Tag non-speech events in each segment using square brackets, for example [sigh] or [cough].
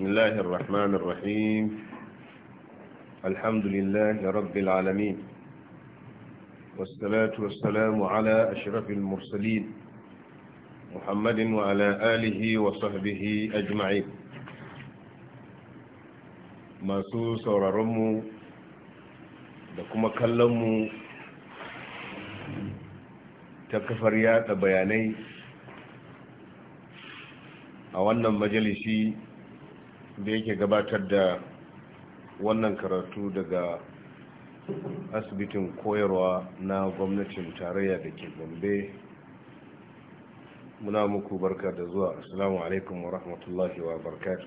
بسم الله الرحمن الرحيم الحمد لله رب العالمين والصلاة والسلام على أشرف المرسلين محمد وعلى آله وصحبه أجمعين ما سوس da kuma kallonmu تكفريات بياني أولا مجلسي da yake gabatar da wannan karatu daga asibitin koyarwa na gwamnatin tarayya da ke gombe muna muku barka da zuwa assalamu alaikum wa rahmatullahi wa barkatu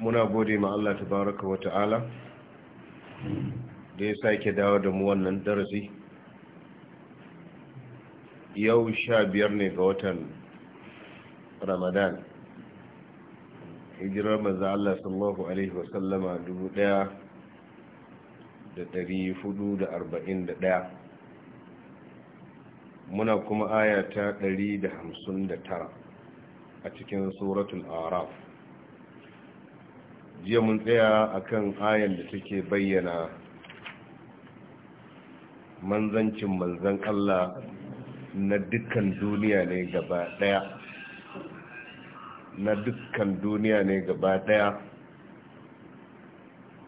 muna gode ma Allah ta baraka wa ta'ala da ya sake dawo da mu wannan darasi yau sha biyar ne ga watan ramadan hijirar maza Allah sallallahu alaihi wasallama dubu daya da dari hudu da arba'in da daya muna kuma aya ta dari da hamsin da tara a cikin suratul araf jiya mun tsaya a kan ayan da take bayyana manzancin manzan Allah na dukkan duniya ne gaba daya na dukkan duniya ne gaba daya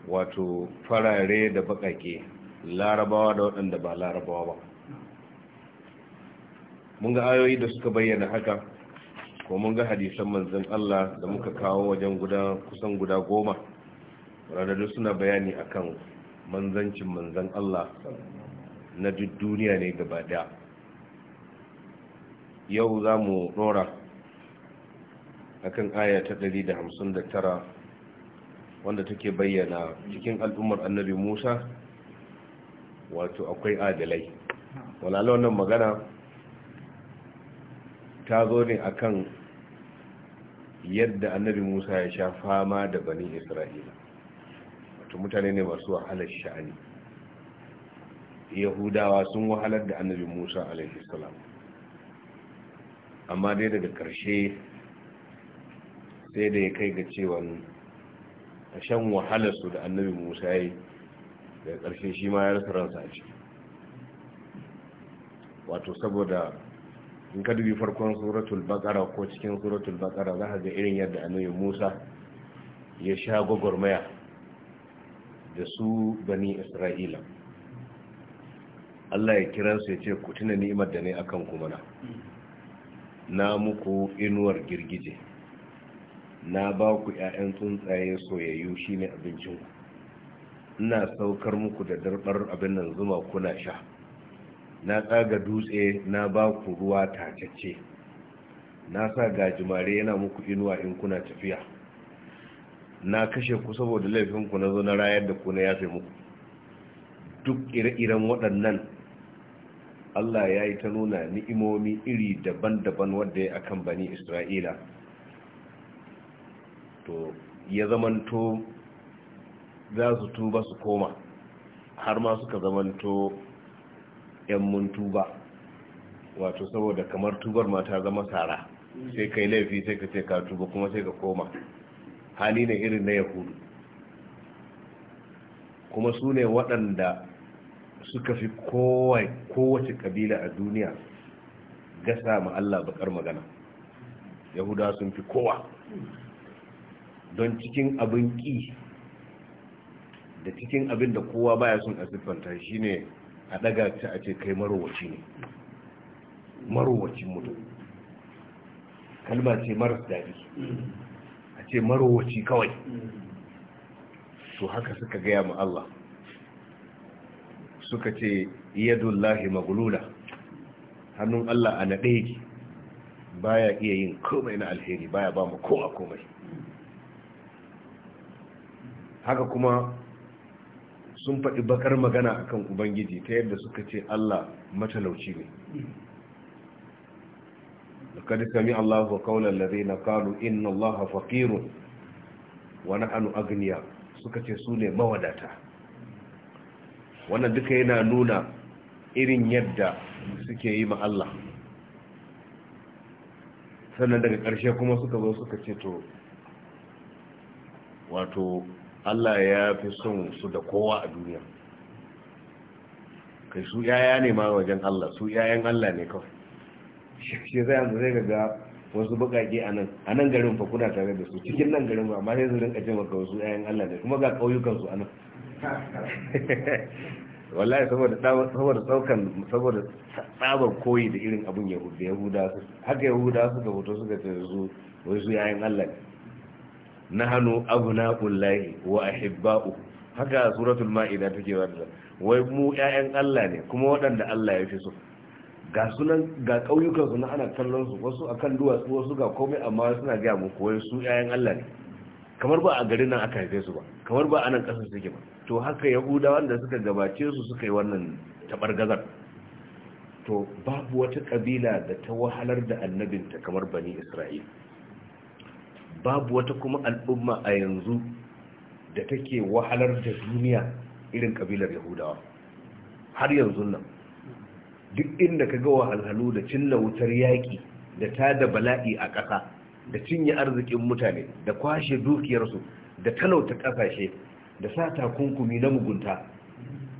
wato farare da bakake larabawa da waɗanda ba larabawa ba mun ga ayoyi da suka bayyana haka ko mun ga hadisan manzon Allah da muka kawo wajen guda kusan guda goma radadu suna bayani akan manzancin manzon Allah na duk duniya ne gaba daya yau za mu rora akan aya ta 159 wanda take bayyana cikin al'ummar annabi musa wato akwai adalai walala wannan magana ta zo ne akan yadda annabi musa ya sha fama da bani isra'ila wato mutane ne masu wahalar sha'ani yahudawa sun wahalar da annabi musa a.s.w amma dai daga ƙarshe sai da ya kai ga cewa a shan wahalarsu da annabi musa ya yi daga ƙarshe shi ma ya rasa ransa a ciki wato saboda in ka dubi farkon suratul bakara ko cikin suratul bakara za ka ga irin yadda annabi musa ya sha gwagwarmaya da su bani isra'ila allah ya kiransu ya ce ku tuna ni'imar da ne akan kuma na na muku inuwar girgije na ba ku 'ya'yan tsuntsaye soyayyu shine abincinku ina saukar muku da darbar abin nan zuma kuna sha na tsaga dutse na ba ku ruwa tacacce na sa gajimare yana muku inuwa in kuna tafiya na kashe ku saboda laifinku na zo na rayar da ku na yafe muku duk ire-iren waɗannan Allah ya yi ta nuna ni'imomi iri daban-daban wadda ya akan bani Isra'ila to ya zamanto za su tuba su koma har ma suka zamanto 'yan mun tuba wato saboda kamar tubar mata zama sara sai kai laifi sai ka ce ka tuba kuma sai ka koma hali na irin na yahudu kuma su ne waɗanda suka fi kowace kabila a duniya gasa ma Allah bakar magana yahuda sun fi kowa don cikin abin ki da cikin abin da kowa baya sun a siffanta ne a daga ta a ce kai marowaci ne marowacin mutum kalma ce maras daɗi a ce marowaci kawai to haka suka gaya ma Allah suka ce yadullahi Magulula, hannun Allah a naɗe yake baya iya yin komai na alheri baya ba mu ko a komai haka kuma sun faɗi bakar magana akan ubangiji ta yadda suka ce Allah matalauci ne لقد سمع الله قول الذين قالوا wani anu agniya suka ce su ne mawadata. wannan duka yana nuna irin yadda suke yi ma Allah sannan daga ƙarshe kuma suka zo suka ce to wato Allah ya fi son su da kowa a duniya kai su yaya ne ma wajen Allah su yayan Allah ne kawai shi zai yanzu zai gaga wasu bukaki a nan a nan garin fa kuna tare da su cikin nan garin ba amma sai su rinka ce maka wasu yayan Allah ne kuma ga ƙauyukan su a nan [laughs] wallahi saboda saboda tsaukan saboda tsabar koyi da irin abun yahuda yahuda haka yahuda ga hoto suka ce su wai su yayin Allah na hannu kullahi wa ahibba'u haka suratul ma'ida take wanda wai mu yayan Allah ne kuma waɗanda Allah ya fi so ga sunan ga kauyukan su na ana kallon su wasu akan duwatsu wasu ga komai amma suna ga mu koyi su yayan Allah ne kamar ba a garin nan aka haife su ba kamar ba a nan ƙasar suke ba to haka yahudawan da suka gabace su suka yi wannan gazar to babu wata ƙabila da ta wahalar da annabinta kamar bani isra'il babu wata kuma al'umma a yanzu da take wahalar da duniya irin ƙabilar yahudawa har yanzu nan duk inda ka ga wahalhalu da cin wutar yaƙi da ta da bala'i a ƙasa da cinye arzikin mutane da kwashe dukiyarsu da talauta kasashe da sa takunkumi na mugunta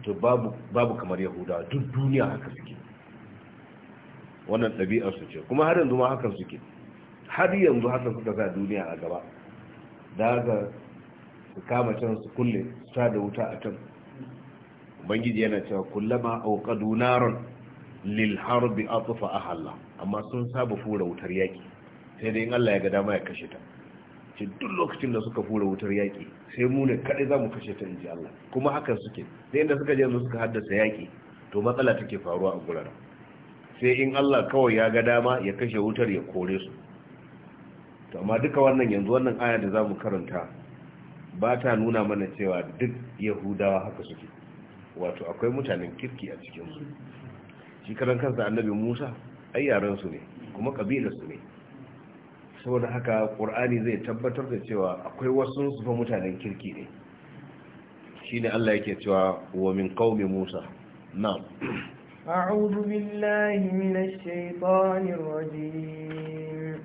to babu kamar yahudawa duk duniya haka suke wannan ɗabi'ar su ce kuma har yanzu ma hakan suke har yanzu haka suka sa duniya a gaba da haka su kama can su kulle sa da wuta a can ubangiji yana cewa kullama auqadu naron lil harbi atfa ahalla amma sun saba fura wutar yaki sai dai in Allah ya ga dama ya kashe ta ce duk lokacin da suka fura wutar yaƙi sai mu ne kaɗai za mu kashe ta in ji Allah kuma hakan suke sai inda suka je yanzu suka haddasa yaƙi to matsala take faruwa a gurara. sai in Allah kawai ya ga dama ya kashe wutar ya kore su to amma duka wannan yanzu wannan aya da za mu karanta ba ta nuna mana cewa duk yahudawa haka suke wato akwai mutanen kirki a cikinsu shi karan kansa annabi musa ai yaransu ne kuma su ne saboda haka ƙur'ani zai tabbatar da cewa akwai wasu zufa mutanen kirki ne shi ne Allah yake cewa wa min qaumi Musa na'am a'udhu billahi minash shaitanir rajim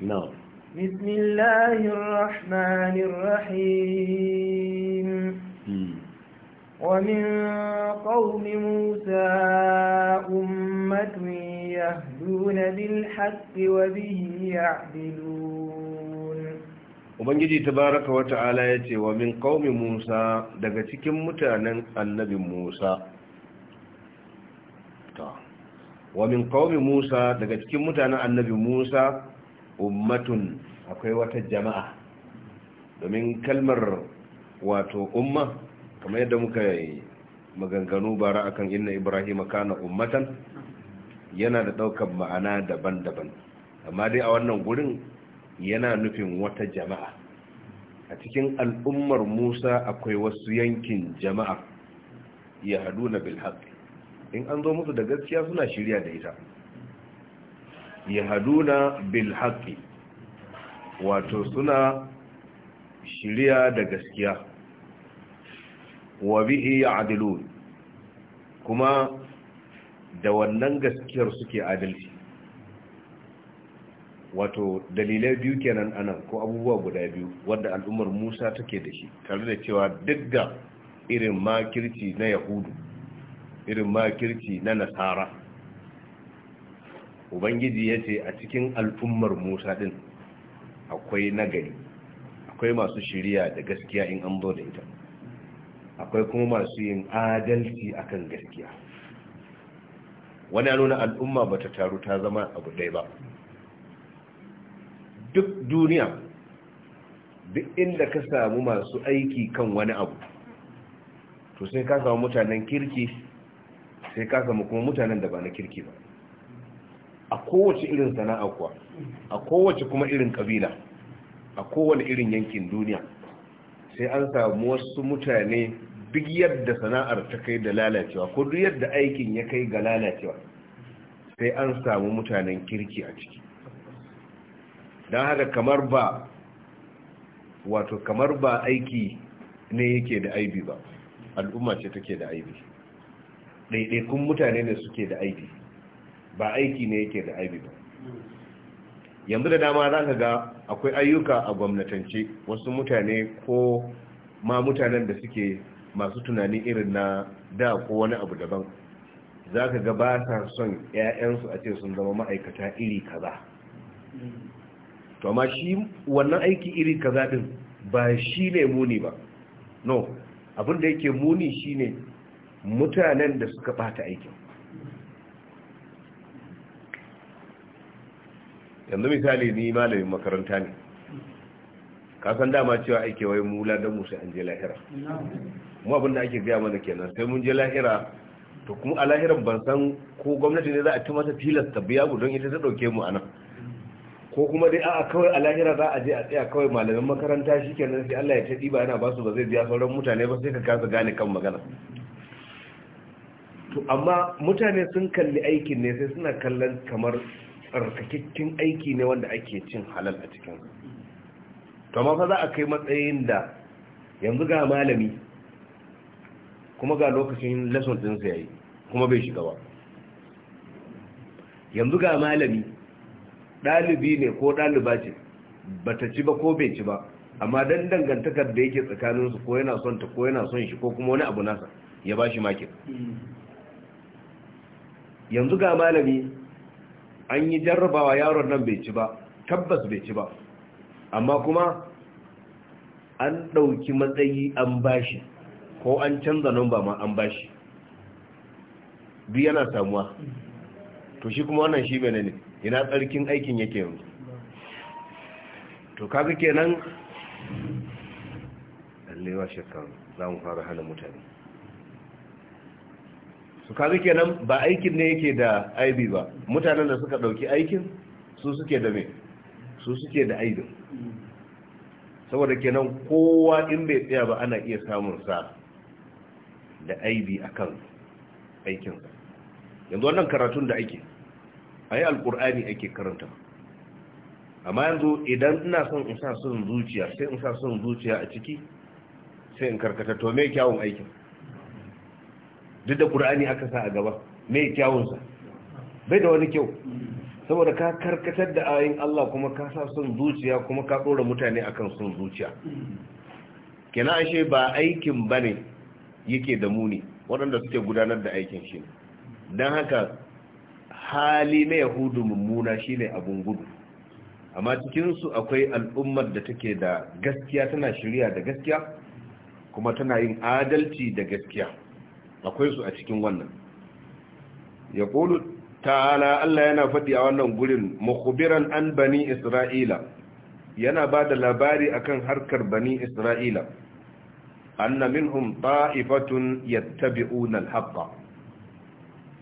na'am bismillahir rahmanir rahim hmm. ومن قوم موسى أمة يهدون بالحق وبه يعدلون وبنجي تبارك وتعالى يتي ومن قوم موسى دقتك متانا النبي موسى wa min qaumi Musa daga cikin mutanen annabi Musa ummatun akwai wata jama'a domin kalmar wato umma kamar yadda muka yi maganganu bara akan inna ibrahim kana ummatan yana da ɗaukar ma'ana daban-daban amma dai a wannan gurin yana nufin wata jama'a a cikin al'ummar musa akwai wasu yankin jama'a ya hadu na bilhaq in an zo musu da gaskiya suna shirya da ita ya hadu na bilhaq wato suna shirya da gaskiya wa bihi ya'dilun kuma da wannan gaskiyar suke adalci wato dalilai biyu kenan anan ko abubuwa guda biyu wanda al'ummar Musa take da shi tare da cewa dukkan irin makirci na Yahudu irin makirci na Nasara Ubangiji ya ce a cikin al'ummar Musa din akwai nagari akwai masu shiriya da gaskiya in an zo da ita akwai kuma masu yin adalci akan gaskiya wani nuna al'umma bata taru ta zama abu ɗaya ba duk duniya duk inda ka samu masu aiki kan wani abu to sai ka samu mutanen kirki sai ka samu kuma mutanen da ba na kirki ba a kowace irin sana'a kuwa a kowace kuma irin kabila a kowane irin yankin duniya sai an samu wasu mutane duk yadda sana'ar ta kai da lalacewa ko duk yadda aikin ya kai ga lalacewa sai an samu mutanen kirki a ciki don haka kamar ba wato kamar ba aiki ne yake da aibi ba al'umma ce take da aibi ɗaiɗaikun mutane ne suke da aibi ba aiki ne yake da aibi ba yanzu da dama za ka ga akwai ayyuka a gwamnatance wasu mutane ko ma mutanen da suke masu tunani irin na da ko wani abu daban za ka ga ba sa son 'ya'yansu a ce sun zama ma'aikata iri kaza to amma shi wannan aiki iri kaza din ba shi ne muni ba no abinda yake muni shi ne mutanen da suka bata aikin yanzu misali ni malamin makaranta ne ka san dama cewa ake wai mu don Musa an je lahira mu abin da ake gaya mana kenan sai mun je lahira to kuma a lahiran ban san ko gwamnati ne za a ci mata tilasta biya mu don ita ta dauke mu anan ko kuma dai a'a kawai a lahira za a je a tsaya kawai malamin makaranta shi kenan sai Allah ya ta diba yana basu ba zai biya sauran mutane ba sai ka kasa gane kan magana to amma mutane sun kalli aikin ne sai suna kallon kamar tsarkakakken aiki ne wanda ake cin halal a cikin to amma fa za a kai matsayin da yanzu ga malami kuma ga lokacin lesson din ya yi kuma bai shiga ba yanzu ga malami dalibi ne ko daliba ce ba ta ci ba ko bai ci ba amma dan dangantakar da yake tsakaninsu ko yana son ta ko yana son shi ko kuma wani abu nasa ya ba shi makin yanzu ga malami an yi jarrabawa yaron nan bai ci ba tabbas bai ci ba amma kuma an ɗauki matsayi an bashi ko an canza ba ma an bashi duk yana samuwa to shi kuma wannan shi bane ne ina tsarkin aikin yake yanzu to kaga kenan lallewa shakkan za mu fara hana mutane su kaga kenan ba aikin ne yake da aibi ba mutanen da suka ɗauki aikin su suke da me su suke da aibin saboda kenan kowa in bai tsaya ba ana iya samun sa da aibi akan aikinsa yanzu wannan karatun da ake a yi alkur'ani ake karanta amma yanzu idan ina son in sa son zuciya sai in sa son zuciya a ciki sai in karkata to mai kyawun aikin duk da ƙur'ani aka sa a gaba mai kyawunsa bai da wani kyau saboda ka karkatar da ayin Allah kuma ka sa son zuciya kuma ka ɗora mutane akan son zuciya kina ashe ba aikin bane yake da muni waɗanda suke gudanar da aikin shi don haka hali na yahudu mummuna shine abun gudu amma cikinsu akwai al'ummar da take da gaskiya tana shirya da gaskiya kuma tana yin adalci da gaskiya akwai su a cikin wannan ya ta'ala Allah yana faɗi a wannan gurin mukhbiran an bani isra'ila yana ba da labari akan harkar bani isra'ila anna minhum ta'ifatun yattabi'una al-haqqa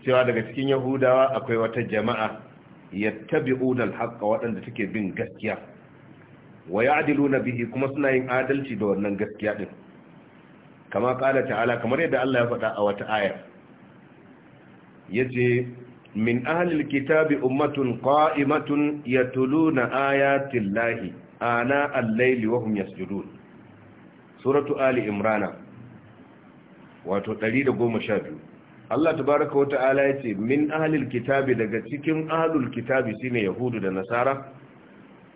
cewa daga cikin yahudawa akwai wata jama'a yattabi'una al-haqqa waɗanda take bin gaskiya wa ya'diluna bihi kuma suna yin adalci da wannan gaskiya din kama qala ta'ala kamar yadda Allah ya faɗa a wata aya yace min ahlil kitabi ummatun qa'imatun yatluna ayati llahi ana al-layli wa hum yasjudun suratu ali imrana wato 112 Allah tabaaraka wa ta'ala yace min ahlil kitabi daga cikin ahlul kitabi shine yahudu da nasara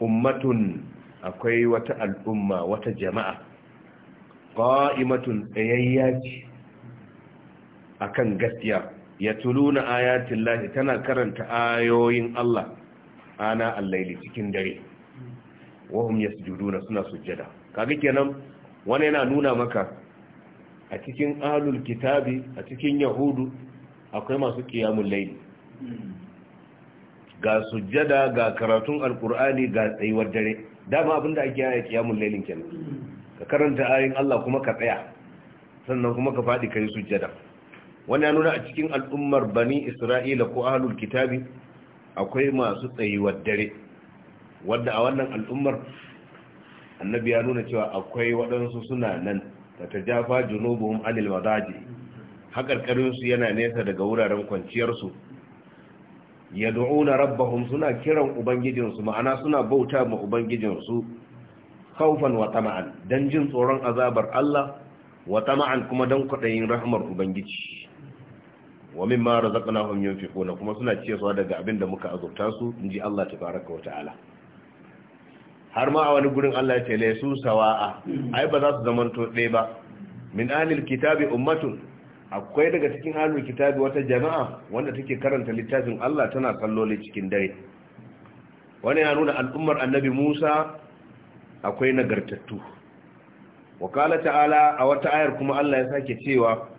ummatun akwai wata al'umma wata jama'a qa'imatun tsayayya ce akan gaskiya ya tuluna ayatin lahi tana karanta ayoyin Allah ana allaili cikin dare wahum ya sujuduna suna sujjada kaga kenan wani yana nuna maka a cikin alul kitabi a cikin yahudu akwai masu kiyamun laili ga sujjada ga karatun alkur'ani ga tsayuwar dare dama abinda ake yaya kiyamun lailin kenan ka karanta ayin Allah kuma ka tsaya sannan kuma ka faɗi kai sujjada wani ya nuna a cikin al'ummar bani isra'ila ko ahalul kitabi akwai masu tsayuwar dare wadda a wannan al'ummar annabi ya nuna cewa akwai waɗansu suna nan da ta jafa junubuhum anil madaji haƙarƙarinsu yana nesa daga wuraren kwanciyarsu ya du'una rabbahum suna kiran ubangijinsu ma'ana suna bauta ma ubangijinsu khawfan wa tama'an don jin tsoron azabar Allah wa tama'an kuma don kwaɗayin rahmar ubangiji wa mimma razaqnahum yunfiquna kuma suna ciyarwa daga abin da muka azurta su inji Allah tabaraka wa ta'ala har ma a wani gurin Allah ya ce la su sawa'a ai ba za su zamanto ɗaya ba min ahlil kitabi ummatun akwai daga cikin ahlul kitabi wata jama'a wanda take karanta littafin Allah tana salloli cikin dare wani ya nuna al'ummar annabi Musa akwai nagartattu wakala ta'ala a wata ayar kuma Allah ya sake cewa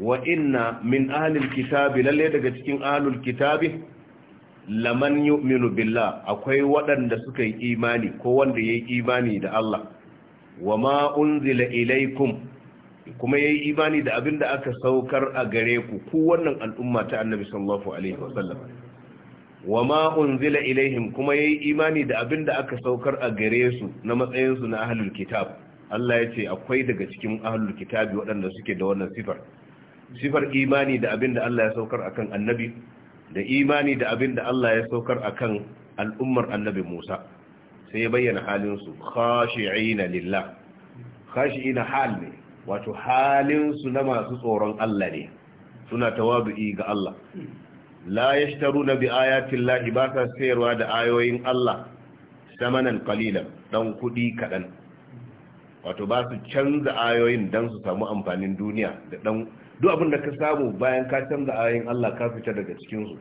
wa inna min ahlil kitabi lalle daga cikin ahlul kitabi laman yu'minu billah akwai waɗanda suka yi imani ko wanda yayi imani da Allah wa ma unzila ilaikum kuma yayi imani da abinda aka saukar a gare ku ku wannan al'umma ta Annabi sallallahu alaihi wasallam wa ma unzila ilaihim kuma yayi imani da abinda aka saukar a gare su na matsayin su na ahlul kitab Allah ya ce akwai daga cikin ahlul kitabi waɗanda suke da wannan sifar sifar imani da abin da Allah ya saukar akan annabi da imani da abin da Allah ya saukar akan al'ummar annabi Musa sai ya bayyana su khashi'ina lillah khashi'ina hal ne wato su na masu tsoron Allah ne suna tawabi'i ga Allah la yashtaruna bi ayatin lahi ba sa sayarwa da ayoyin Allah samanan qalilan dan kudi kadan wato ba su canza ayoyin dan su samu amfanin duniya da dan duk abin da ka samu bayan ka canza ayoyin Allah ka fita daga cikin su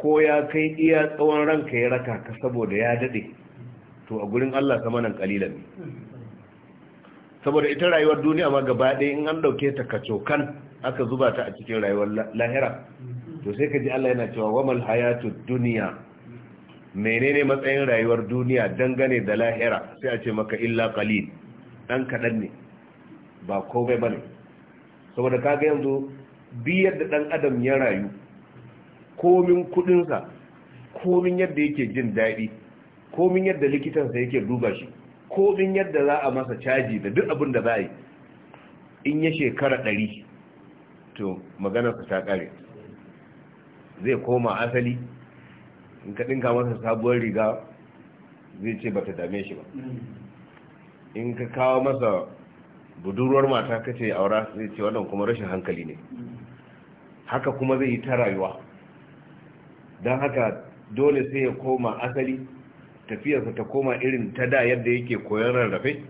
ko ya kai iya tsawon ranka ya raka ka saboda ya dade to a gurin Allah sama nan kalilan saboda ita rayuwar duniya ma gaba ɗaya in an ɗauke ta kacokan aka zuba ta a cikin rayuwar lahira to sai ka ji Allah yana cewa mal hayatu duniya menene matsayin rayuwar duniya dangane da lahira sai a ce maka illa qalil dan kadan ne ba komai bane saboda kaga yanzu biyar da dan adam ya rayu komin kudinsa komin yadda yake jin daɗi komin yadda likitansa yake duba shi komin yadda za a masa caji da duk abin da za a yi in ya shekara ɗari to maganarsa ta ƙare zai koma asali in ka ɗinka masa sabuwar riga zai ce ba ta dame shi ba in ka kawo masa budurwar mata kace aura zai ce wannan kuma rashin hankali ne haka kuma zai yi ta rayuwa don haka dole sai ya koma asali tafiyarsa ta koma irin ta da yadda yake koyon rarrafe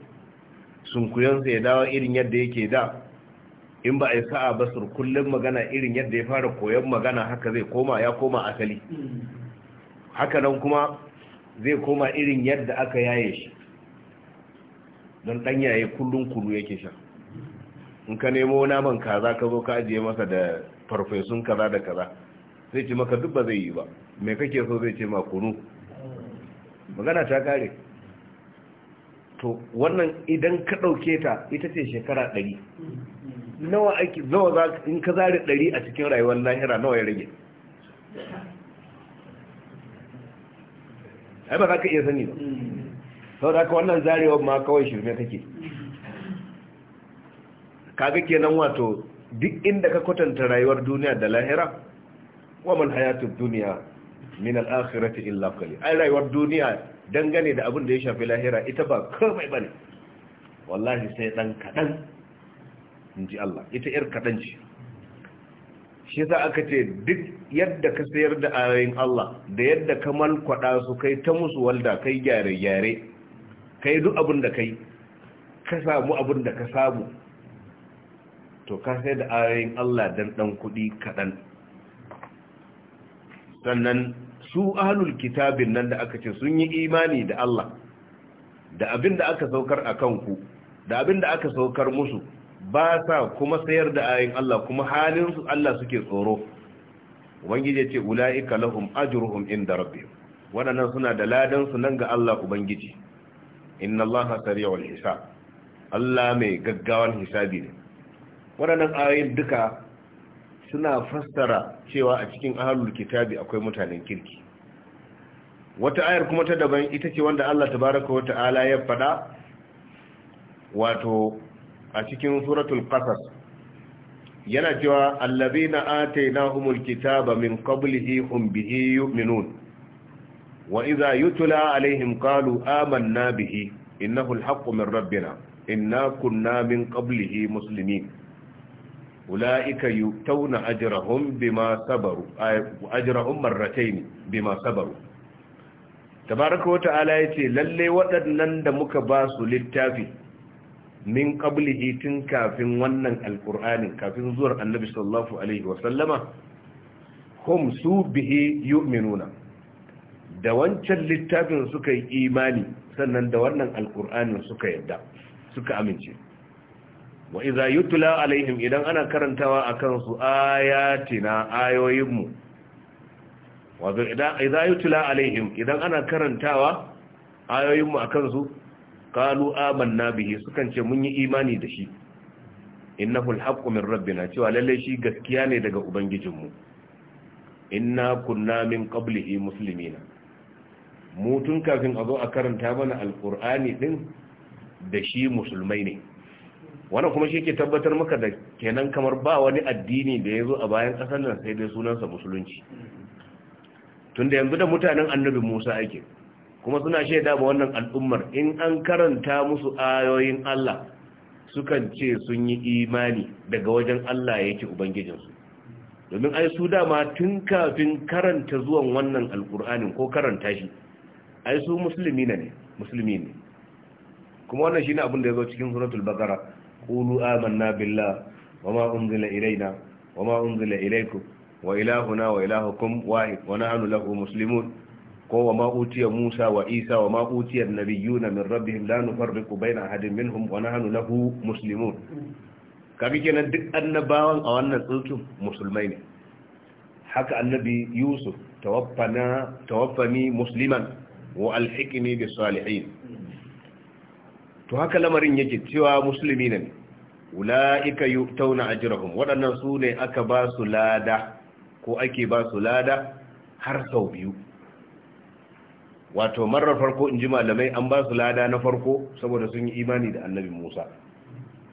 sunkuyonsa ya dawo irin yadda yake da in ba a yi sa'a ba sur kullum magana irin yadda ya fara koyon magana haka zai koma ya koma asali haka nan kuma zai koma irin yadda aka yaye shi don ɗanyaye kullum kulu yake sha in ka nemo naman kaza ka zo ka ajiye masa da farfesun kaza da kaza zai ce maka duk ba zai yi ba me kake so zai ce ma kunu magana ta kare to wannan idan ka ɗauke ta ita ce shekara ɗari nawa ake zawa za in ka zari ɗari a cikin rayuwar lahira nawa ya rage ai ba za ka iya sani ba sau da aka wannan zarewar ma kawai shirme kake kaga kenan wato duk inda ka kwatanta rayuwar duniya da lahira waman hayatun duniya min al'akhirati illa qali ai rayuwar duniya dangane da abin da ya shafi lahira ita ba komai bane wallahi sai dan kadan inji Allah ita yar kadan ce shi yasa aka ce duk yadda ka sayar da ayoyin Allah da yadda ka malkwada su kai ta musu walda kai gyare-gyare Kai duk abin da ka ka samu abin da ka samu to ka sai da ayoyin Allah dan ɗan kuɗi kaɗan sannan su ahlul kitabin nan da aka ce sun yi imani da Allah da abin da aka saukar a kanku da abin da aka saukar musu ba sa kuma sayar da ayoyin Allah kuma halinsu Allah suke tsoro ubangiji ya ce ula'ika lahum ajruhum inda rabbihim waɗannan suna da ladansu nan ga Allah ubangiji inna Allah sariyawar hisab Allah mai gaggawan hisabi ne waɗannan ayoyin duka suna fassara cewa a cikin ahlul kitabi akwai mutanen kirki wata ayar kuma ta daban ita ce wanda Allah tabaraka wa ta'ala ya faɗa wato a cikin suratul qasas yana cewa allazina atainahumul kitaba min qablihi hum bihi yu'minun wa iza yutula alaihim qalu amanna bihi innahu alhaqqu min rabbina inna kunna min qablihi muslimin ulaika yutawna ajrahum bima sabaru ajrahum marratayn bima sabaru tabaraka wa ta'ala yace lalle waɗannan da muka ba su littafi min qablihi tun kafin wannan alqur'anin kafin zuwar annabi sallallahu alaihi wa sallama hum su bihi yu'minuna da wancan littafin suka yi imani sannan da wannan alkur'anin suka yadda suka amince wa iza yutla alaihim idan ana karantawa akan su ayatina ayoyinmu wa iza yutla alaihim idan ana karantawa ayoyinmu akan su qalu amanna bihi sukan ce mun yi imani da shi innahu alhaqqu min rabbina cewa lalle shi gaskiya ne daga ubangijinmu inna kunna min qablihi muslimina mutun kafin a zo a karanta mana alkur'ani din da shi musulmai ne wannan kuma shi ke tabbatar maka da kenan kamar ba wani addini da ya zo a bayan ƙasar nan sai dai sunansa musulunci tunda yanzu da mutanen annabi musa ake kuma suna shaida ba wannan al'ummar in an karanta musu ayoyin Allah sukan ce sun yi imani daga wajen Allah yake ubangijinsu domin ai su dama tun kafin karanta zuwan wannan alkur'anin ko karanta shi ai su musulmi ne musulmi ne kuma wannan shine abin da yazo cikin suratul baqara qulu amanna billah wama unzila ilaina wama unzila ilaikum wa ilahuna wa ilahukum wahid wa nahnu lahu muslimun ko wama utiya musa wa isa wama utiya an-nabiyuna min rabbihim la nufarriqu baina ahadin minhum wa nahnu lahu muslimun kabi kenan duk annabawan a wannan tsuntsun musulmai ne haka annabi yusuf tawaffana tawaffani musliman wa alhiqni bi salihin to haka lamarin yake cewa musulmi ne ulaika yu'tauna ajrahum waɗannan su ne aka ba su lada ko ake ba su lada har sau biyu wato marar farko in ji malamai an ba su lada na farko saboda sun yi imani da annabi Musa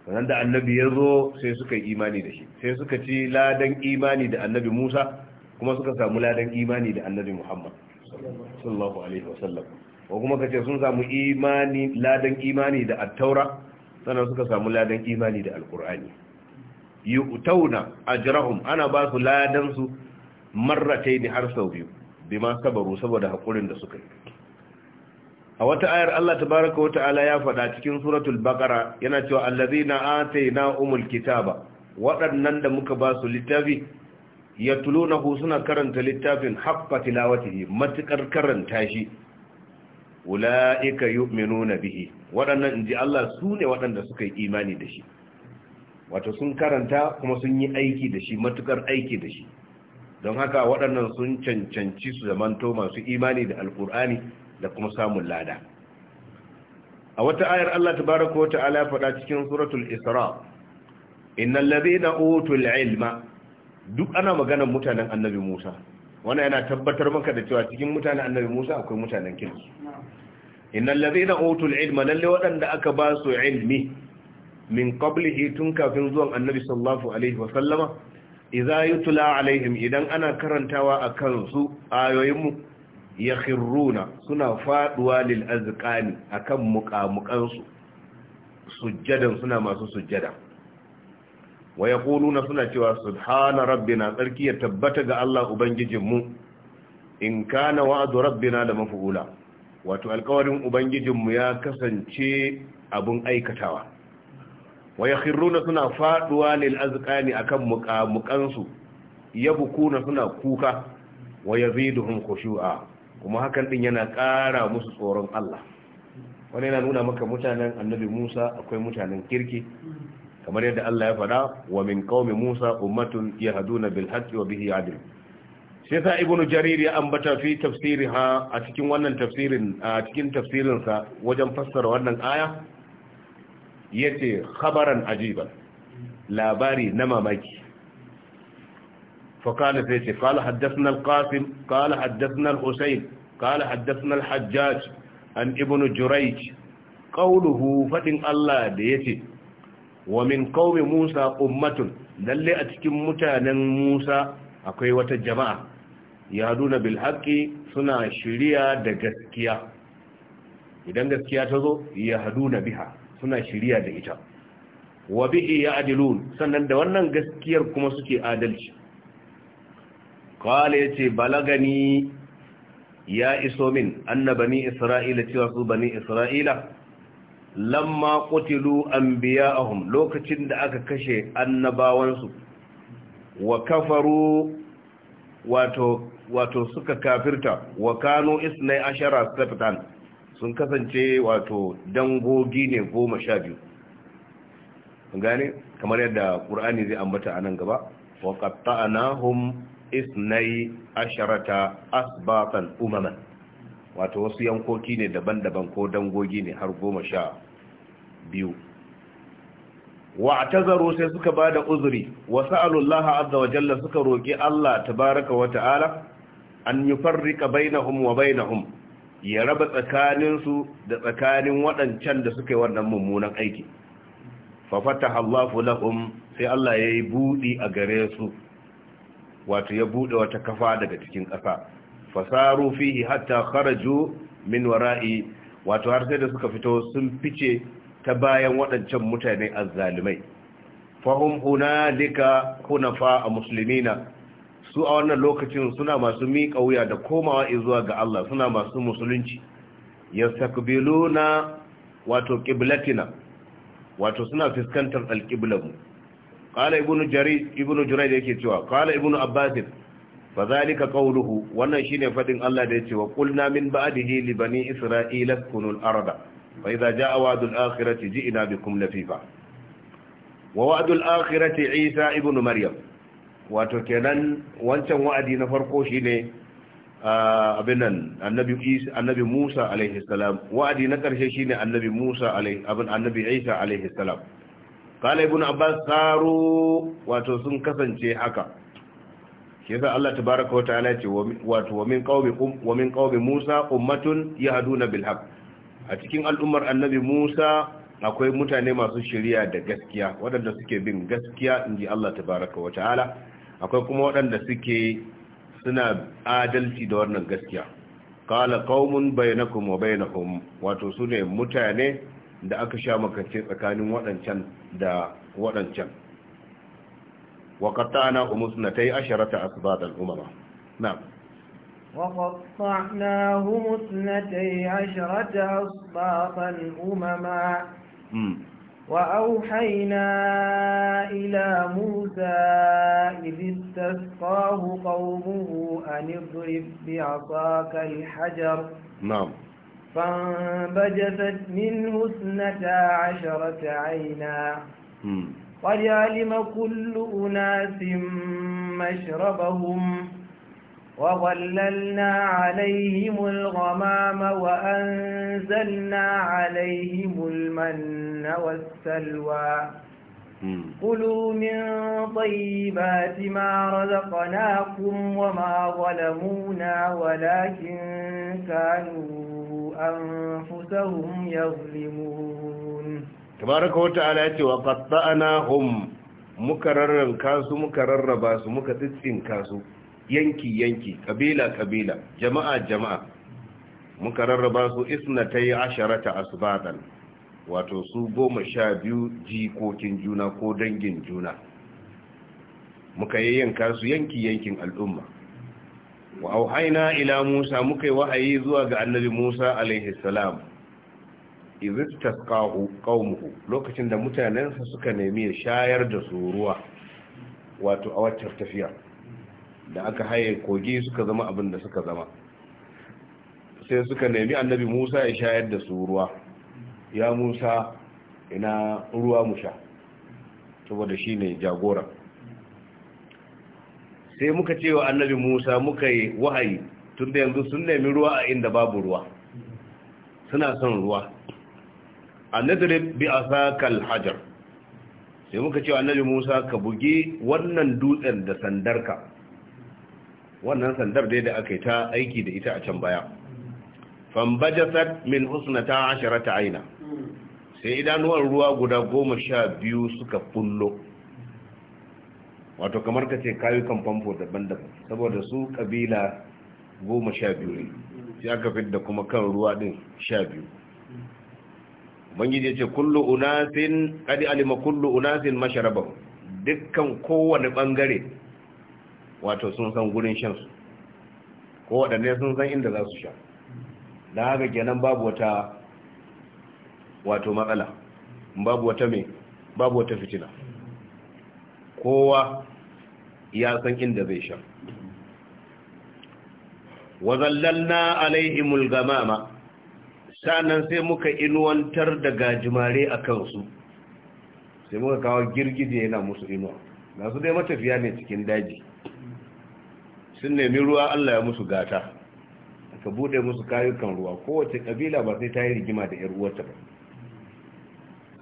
sannan da annabi ya zo sai suka yi imani da shi sai suka ci ladan imani da annabi Musa kuma suka samu ladan imani da annabi Muhammad sallallahu alaihi wasallam ko kuma kace sun samu imani ladan imani da at-taura sannan suka samu ladan imani da al-qur'ani yu'tauna ajrahum ana ba su ladan su har sau biyu bima sabaru saboda hakurin da suka yi a wata ayar Allah tabaraka wa ta'ala ya faɗa cikin suratul baqara yana cewa allazina atainahumul kitaba waɗannan da muka ba su littafi yatlunahu suna karanta littafin haqqa tilawatihi matuƙar karanta shi ula'ika yu'minuna bihi waɗannan inji Allah su ne waɗanda suka yi imani da shi Wata sun karanta kuma sun yi aiki da shi matukar aiki da shi don haka waɗannan sun cancanci su zamanto masu imani da alƙur'ani da kuma samun lada a wata ayar Allah baraka wa ta'ala faɗa cikin suratul isra innal ladhina utul ilma duk ana maganar mutanen annabi musa wannan yana tabbatar maka da cewa cikin mutanen annabi musa akwai mutanen kirki innal ladina utul ilma lalle waɗanda aka ba su ilmi min qablihi tun kafin zuwan annabi sallallahu alaihi wa sallama idza yutla alaihim idan ana karantawa akan su ayoyin mu yakhiruna suna faduwa lil azqani akan muqamukan su sujjadan suna masu sujjada wa yaquluna suna cewa subhana rabbina tsarki ya tabbata ga Allah ubangijinmu in kana wa'du rabbina la maf'ula wato alƙawarin ubangijinmu ya kasance abin aikatawa wa yakhruna suna faduwa lil azqani akan yabu yabkuna suna kuka wa yaziduhum khushu'a kuma hakan din yana ƙara musu tsoron Allah wani yana nuna maka mutanen annabi Musa akwai mutanen kirki kamar yadda Allah ya faɗa wa min qaumi Musa ummatun yahduna bil haqqi wa bihi yadil sai sa ibnu jarir ya ambata fi tafsiriha a cikin wannan tafsirin a cikin tafsirin sa wajen fassara wannan aya yace khabaran ajiban labari na mamaki فقال فيتي قال حدثنا القاسم قال حدثنا الحسين قال حدثنا الحجاج عن ابن جريج قوله فتن الله ديتي wa min qaumi Musa ummatun lalle a cikin mutanen Musa akwai wata jama'a yaduna bil haqqi suna shiriya da gaskiya idan gaskiya ta zo yahduna biha suna shiriya da ita wa bihi ya'dilun sannan da wannan gaskiyar kuma suke adalci qala yace balagani ya iso min anna isra'ila cewa su bani isra'ila lamma qutilu anbiya'ahum lokacin da aka kashe annabawansu wa kafaru wato wato suka kafirta wa kanu isnai ashara saftan sun kasance wato dangogi ne goma sha biyu gane kamar yadda ƙur'ani zai ambata a nan gaba wa qatta'nahum isnai asharata asbatan umaman wato wasu yankoki ne daban-daban ko dangogi ne har goma sha biyu wa a tazaro sai suka ba da uzuri wasu alullaha azza wa suka roƙi allah tabaraka wa ta'ala an yi farrika bainahum wa bainahum ya raba tsakaninsu da tsakanin waɗancan da suka yi wannan mummunan aiki fafata allahu lahum sai allah ya yi buɗi a gare su wato ya buɗe wata kafa daga cikin ƙasa fasaru fihi hatta kharaju min wara'i wato har sai da suka fito sun fice ta bayan waɗancan mutane azzalumai fahum hunalika hunafa a muslimina su a wannan lokacin suna masu miƙa wuya da komawa zuwa ga Allah suna masu musulunci yastakbiluna wato qiblatina wato suna fuskantar alqiblamu qala ibnu jarir ibnu jurayd yake cewa qala ibnu abbas fa zalika qawluhu wannan shine fadin Allah da yace wa qulna min ba'dihi li bani isra'ila kunul arda fa idza jaa wa'dul akhirati ji'na bikum lafifa wa wa'dul akhirati isa ibn maryam wato kenan wancan wa'adi na farko shine abinan annabi isa annabi musa alaihi salam wa'adi na karshe shine annabi musa alaihi annabi isa alaihi salam qala ibn abbas saru wato sun kasance haka shi yasa Allah tabaraka wa ta'ala ce wato wa min qaumi qaumi Musa ummatun yahduna bil haqq a cikin al'ummar annabi Musa akwai mutane masu shirya da gaskiya waɗanda suke bin gaskiya inji Allah tabaraka wa ta'ala akwai kuma waɗanda suke suna adalci da wannan gaskiya qala qaumun bainakum wa bainahum wato sune mutane da aka sha makance tsakanin waɗancan da waɗancan وقطعناهم اثنتي عشرة أسباط الأمراء نعم وقطعناهم اثنتي عشرة أسباطا الأمماء وأوحينا إلى موسى إذ استسقاه قومه أن اضرب بعصاك الحجر نعم فانبجست منه اثنتا عشرة عينا مم. قد علم كل أناس مشربهم وظللنا عليهم الغمام وأنزلنا عليهم المن والسلوى قلوا من طيبات ما رزقناكم وما ظلمونا ولكن كانوا أنفسهم يظلمون tabaraka wata'ala yace wa qatta'na hum muka rarranka su muka rarraba su muka tsitsinka su yanki yanki kabila kabila jama'a jama'a muka rarraba su isnatai asharata asbatan wato su goma sha biyu jikokin juna ko dangin juna muka yayyanka su yanki yankin al'umma wa auhaina ila musa muka yi wa'ayi zuwa ga annabi musa alaihi salam izistasqahu qaumuhu lokacin da mutanensa suka nemi shayar da su ruwa wato a wacce tafiya da aka haye kogi suka zama abin da suka zama sai suka nemi annabi Musa ya shayar da su ruwa ya Musa ina ruwa mu sha saboda shine jagora sai muka ce wa annabi Musa muka yi wahayi tunda yanzu sun nemi ruwa a inda babu ruwa suna son ruwa annadrib bi asakal hajar sai muka ce annabi Musa ka buge wannan dutsen da sandarka wannan sandar dai da aka yi ta aiki da ita a can baya fambajasat min husnata asharata aina sai idanuwan ruwa guda goma sha biyu suka fullo wato kamar ka ce kan famfo daban-daban saboda su kabila goma sha biyu sai aka fidda kuma kan ruwa din sha biyu ubangiji ya ce kullu unasin kadi alima kullu unasin masharabahu dukkan kowane bangare wato sun san gurin shan su ko sun san inda za su sha da haka kenan babu wata wato matsala babu wata mai babu wata fitina kowa ya san inda zai sha wazallalna alaihimul gamama sa'annan sai muka inuwantar da gajimare a kansu sai muka kawo girgije yana musu inuwa na su dai matafiya ne cikin daji sun nemi ruwa allah ya musu gata ka bude musu kayukan ruwa kowace kabila ba sai ta yi rigima da yar uwarta ba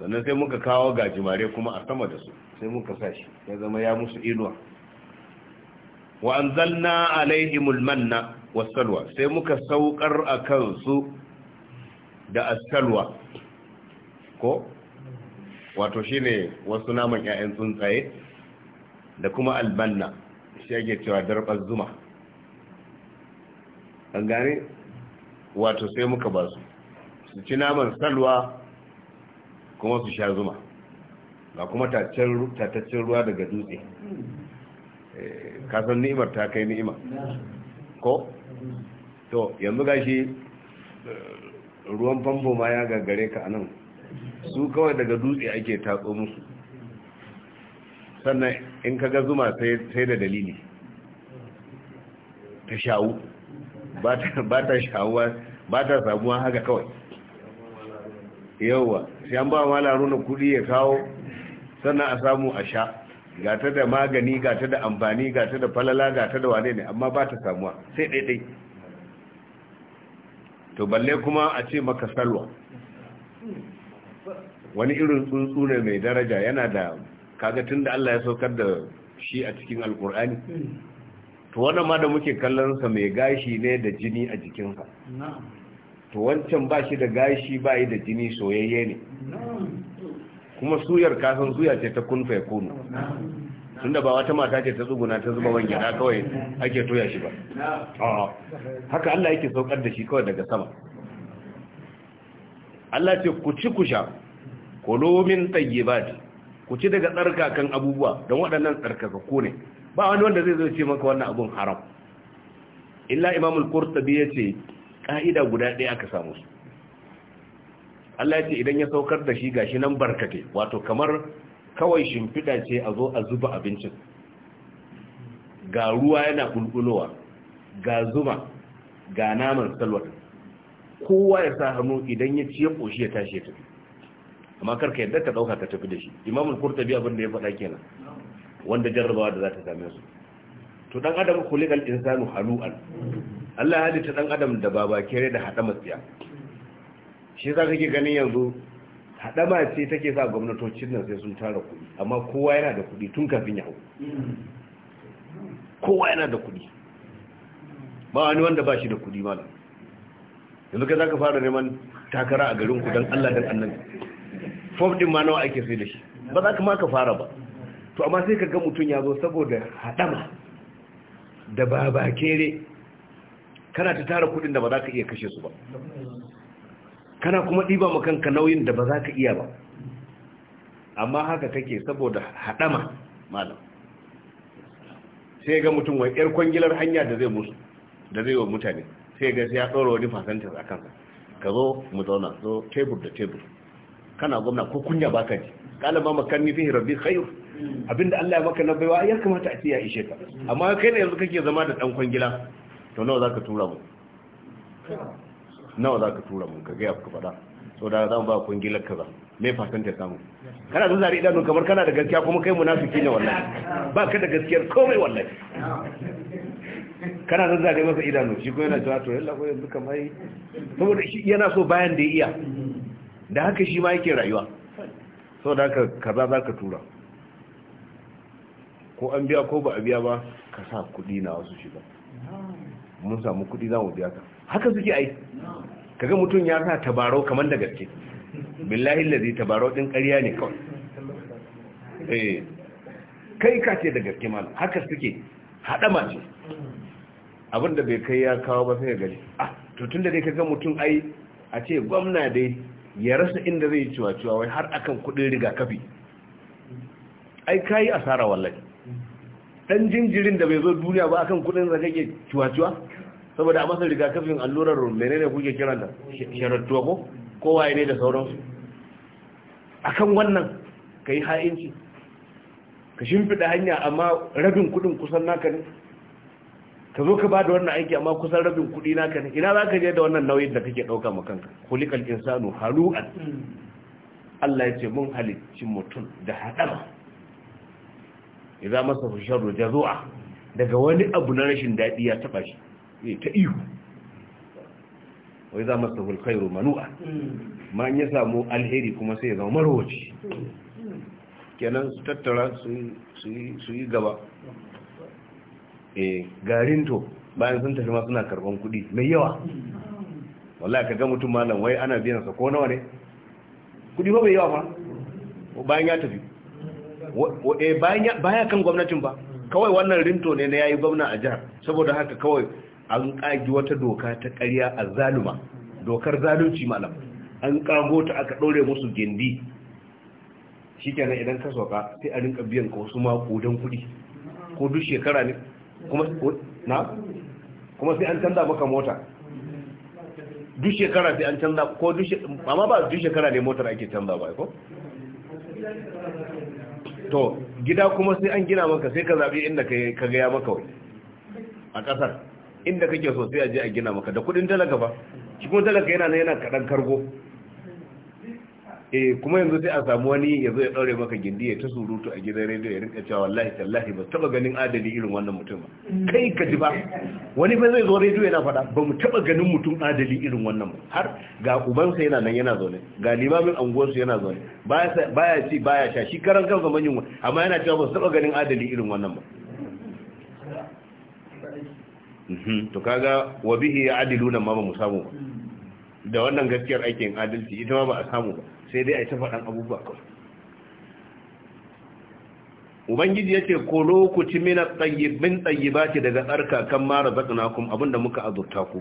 sannan sai muka kawo gajimare kuma a sama da su sai muka sa shi ya zama ya musu inuwa wa anzalna alaihimul manna wasalwa sai muka saukar a kansu da askalwa ko wato shine wasu naman 'ya'yan tsuntsaye da kuma albanna shi ake cewa darbar zuma an gane wato sai muka ba su su ci naman salwa kuma su sha zuma ga kuma tataccen ruwa daga dutse eh, kasan ni'imar ta kai ni'ima ko to yanzu gashi ruwan famfo ma ya gagare ka anan su kawai daga dutse ake tatso musu sannan in ka ga zuma sai da dalili ta shawu ba ta shawuwa ba ta samuwa haka kawai yauwa sai an ba ma na kudi ya kawo sannan a samu a sha gata da magani gata da amfani gata da falala gata da wane ne amma ba ta samuwa sai daidai. to balle kuma a ce maka salwa wani irin tsuntsu ne mai daraja yana da kaga tun da Allah ya saukar da shi a cikin alkur'ani to wannan ma da muke kallon sa mai gashi ne da jini a jikinsa to wancan ba shi da gashi ba yi da jini soyayye ne kuma suyar kasan suya ce ta kunfa ya kunu tunda ba wata mata ce ta tsuguna ta zuba man gyada kawai ake toya shi ba haka Allah yake saukar da shi kawai daga sama Allah ce ku ci ku sha kolomin tayyibati ku ci daga tsarkakan abubuwa don waɗannan tsarkakakku ne ba wani wanda zai zo ce maka wannan abun haram illa imamul qurtubi yace ka'ida guda ɗaya aka samu su Allah ya ce idan ya saukar da shi gashi nan barkate wato kamar kawai shimfiɗa ce a zo a zuba abincin ga ruwa yana ƙulƙulowa ga zuma ga naman salwar kowa ya sa hannu idan ya ci ya ƙoshi ya tashi ya tafi amma karka yadda ka ɗauka ka tafi da shi imamul kurtabi abin da ya faɗa kenan wanda jarrabawa da za ta same su to dan adam kulikal insanu halu'an Allah ya halitta dan adam da baba kere da haɗa matsiya shi yasa kake ganin yanzu haɗama ce take sa gwamnatocin nan sai sun tara kuɗi amma kowa yana da kuɗi tun kafin ya hau kowa yana da kuɗi ba wani wanda ba shi da kuɗi malam yanzu ka za ka fara neman takara a garin ku don allah don annabi fom ɗin ma nawa ake sai da shi ba za ka ma ka fara ba to amma sai ka ga mutum ya zo saboda haɗama da babakere kana ta tara kuɗin da ba za ka iya kashe su ba kana kuma ɗiba ma kanka nauyin da ba za ka iya ba amma haka kake saboda haɗama malam sai ga mutum wa ƴar kwangilar hanya da zai musu da zai wa mutane sai ga ya ɗora wani fasantar a kansa ka zo mu zauna zo tebur da tebur kana gwamna ko kunya ba ka ji kala ma makanni fihi rabbi khair abinda Allah ya maka na baiwa ya kamata a ce ya ishe ka amma kai ne yanzu kake zama da ɗan kwangila to nawa za ka tura mu nawa za ka tura mun ka gaya ku faɗa so da za mu ba kungilar kaza me fatan samu kana da zari idanun kamar kana da gaskiya kuma kai munafiki ne wallahi ba ka da gaskiyar komai wallahi kana da zari masa idanu shi ko yana cewa to yalla ko yanzu kamar saboda shi yana so bayan da iya da haka shi ma yake rayuwa so da haka kaza za ka tura ko an biya ko ba a biya ba ka sa kuɗi na wasu shiga mun samu kuɗi za mu biya ka haka suke ai kaga mutum ya sa tabarau kamar da gaske billahi lazi tabarau din ƙarya ne kawai eh kai ka ce da gaske malam haka suke hadama ce abinda bai kai ya kawo ba sai gari ah to tun da dai kaga mutum ai a ce gwamna dai ya rasa inda zai ciwa ciwa wai har akan kudin rigakafi ai kai asara wallahi dan jinjirin da bai zo duniya ba akan kudin rigakafi ciwa ciwa saboda a masa rigakafin allurar rumene ne kuke kiran da sharattuwa ko kowaye ne da sauransu akan wannan ka yi ha'inci ka shimfiɗa hanya amma rabin kudin kusan naka ne ka zo ka ba da wannan aiki amma kusan rabin kudi naka ne ina za ka je da wannan nauyin da kake ɗauka ma kanka kulikal insanu halu'an Allah ya ce mun halicci mutum da haɗama idan masa fushin zuwa daga wani abu na rashin daɗi ya taɓa shi zai ta ihu wai za masa hulkairu manu'a hmm. ma ya samu alheri kuma sai ya zama marwaci kenan su tattara su yi gaba e garin to bayan sun tafi ma suna karban kudi mai yawa wallahi ka ga mutum malam wai ana biyan sa ko nawa ne kudi ba mai yawa ba bayan ya tafi eh, baya kan gwamnatin ba kawai wannan rinto ne na yayi gwamna a jihar saboda haka kawai an kagi wata doka ta ƙarya a zaluma dokar zalunci malam an kago ta aka ɗore musu gindi shi kenan idan ka soka sai a rinka biyan ka wasu makudan kuɗi ko duk shekara ne kuma sai an canza maka mota duk shekara sai an canza ko duk amma ba duk shekara ne motar ake canza ba ko to gida kuma sai an gina maka sai ka zaɓi inda ka gaya maka wai a ƙasar inda kake so sai a je a gina maka da kudin talaka ba shi kuma talaka yana nan yana kaɗan kargo eh kuma yanzu sai a samu wani yazo ya daure maka gindi ya ta surutu a gidan rediyo ya rinka cewa wallahi tallahi ba taɓa ganin adali irin wannan mutum ba kai ka ji ba wani fa zai zo rediyo yana faɗa ba mu taɓa ganin mutum adali irin wannan ba har ga ubansa yana nan yana zaune ga limamin anguwarsu yana zaune baya ci baya sha shi karan kansa manyan amma yana cewa ba su taɓa ganin adali irin wannan ba Mhm. to kaga wa bihi ya'diluna ma ba mu samu ba da wannan gaskiyar aikin adalci ita ma ba a samu ba sai dai a ta faɗan abubuwa kawai ubangiji yace ko lokaci min at-tayyibin tayyibati daga tsarka kan ma razaqnakum abinda muka azurta ku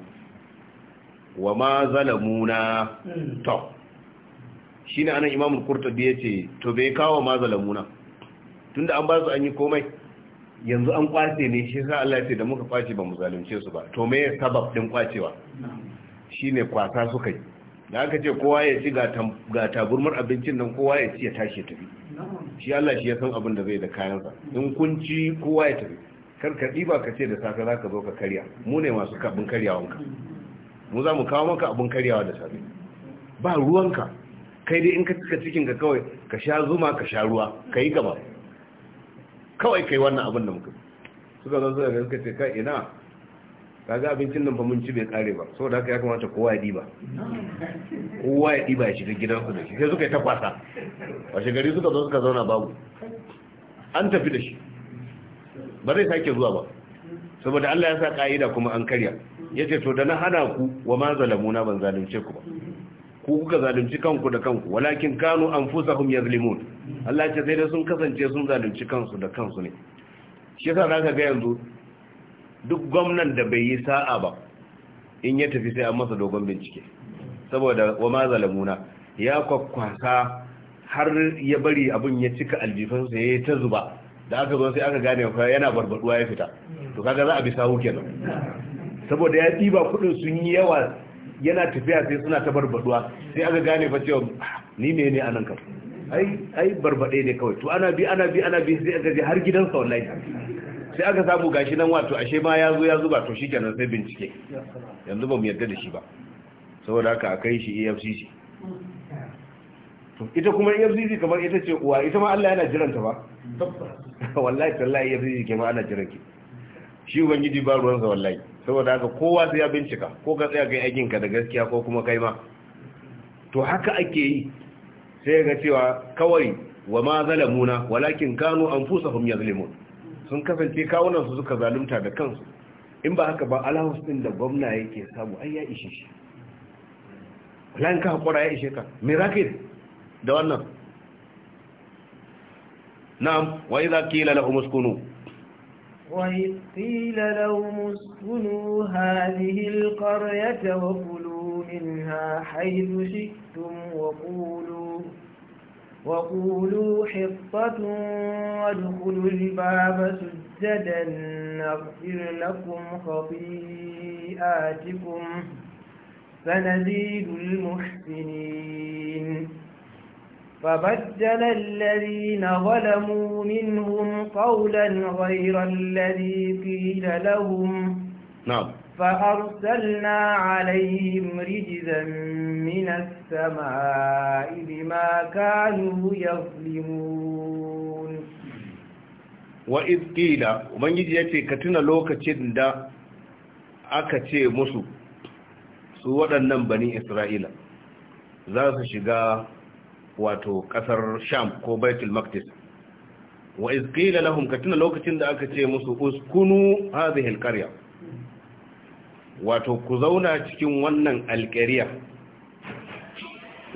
wa ma zalamuna hmm. to shine anan imamul qurtubi yace to bai kawo ma zalamuna tunda an ba su an yi komai yanzu an kwace ne shi sa Allah ce da muka kwace ba mu zalunce su ba to me sabab din kwacewa shine kwasa suka yi da aka ce kowa ya ci ga taburmar abincin nan kowa ya ci ya tashi tafi shi Allah shi ya san abin da zai da kayansa in kun ci kowa ya tafi kar ka ɗiba ka ce da safe zaka ka zo ka karya mu ne masu abin karyawanka mu za mu kawo maka abin karyawa da safe ba ruwanka kai dai in ka cika cikin ka kawai ka sha zuma ka sha ruwa ka yi gaba kawai kai wannan abin da muka suka zo suka ga suka ce kai ina kaga abincin nan fa mun ci bai kare ba saboda haka ya kamata kowa ya diba kowa ya diba ya shiga gidansu da shi sai suka yi tafasa. kwasa washe gari suka zo suka zauna babu an tafi da shi ba zai sake zuwa ba saboda Allah ya sa ka'ida kuma an karya ya ce to da na hana ku wa ma zalamuna ban zalunce ku ba ku kuka zalunci kanku da kanku walakin kanu anfusahum yazlimun Allah ce sai da sun kasance sun zalunci kansu da kansu ne shi yasa zaka ga yanzu duk gwamnan da bai yi sa'a ba in ya tafi sai an masa dogon bincike saboda wa ma zalamuna ya kwakwasa har ya bari abun ya cika aljifansa ya yi ta zuba da aka zo sai aka gane fa yana barbaduwa ya fita to kaga za a bi sahu kenan saboda ya tsiba kudin sun yi yawa yana tafiya sai suna ta barbaduwa sai aka gane fa cewa ah, ni ne ne anan ka. ai ai barbade ne kawai to ana bi ana bi ana bi sai aka je har gidansa wallahi sai aka samu gashi nan wato ashe ma ya zo ya zuba to shikenan sai bincike yanzu ba mu yarda da shi ba saboda haka akai shi EFCC ita kuma EFCC kamar ita ce uwa ita ma Allah yana jiranta ba [laughs] wallahi tallahi EFCC ke ma ana jiran ki shi ubangiji ba ruwansa wallahi saboda haka kowa sai ya bincika ko ka tsaya kai aikin ka da gaskiya ko kuma kai ma to haka ake yi sai ga cewa kawai wa ma zalamuna walakin kanu anfusahum yazlimun sun kasance kawunan su suka zalunta da kansu in ba haka ba alawus din da gwamna yake samu ai ya ishe shi lan ka hakura ya ishe ka miracle da wannan na'am wa idza qila lahum uskunu وإذ قيل لهم اسكنوا هذه القرية وكلوا منها حيث شئتم وقولوا وقولوا حطة وادخلوا الباب سجدا نغفر لكم خطيئاتكم فنزيد المحسنين فبدل الذين ظلموا منهم قولا غير الذي قيل لهم نعم فأرسلنا عليهم رجزا من السماء بما كانوا يظلمون وإذ قيل ومن يجي يتي كتنا لوكا تشد aka ce musu su waɗannan bani isra'ila za su shiga wato ƙasar sham ko baitul maktis wa izkila lahum ka tuna lokacin da aka ce musu uskunu hadhihi alqarya wato ku zauna cikin wannan alƙariya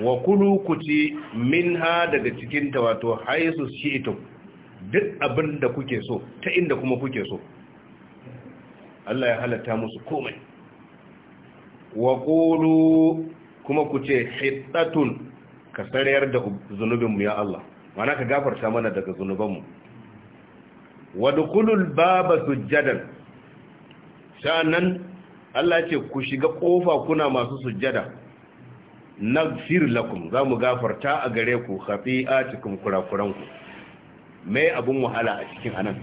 wa kulu ku ci minha daga cikinta wato haisu shi ita duk abin da kuke so ta inda kuma kuke so Allah ya halatta musu komai wa kulu kuma ku ce hittatun ka sarayar da zunubinmu ya Allah mana ka gafarta mana daga zunubanmu wa dukulul baba sujjadan sa'annan Allah ce ku shiga kofa kuna masu sujjada nagfir lakum za mu gafarta a gare ku khati'atikum kurakuran ku mai abun wahala a cikin anan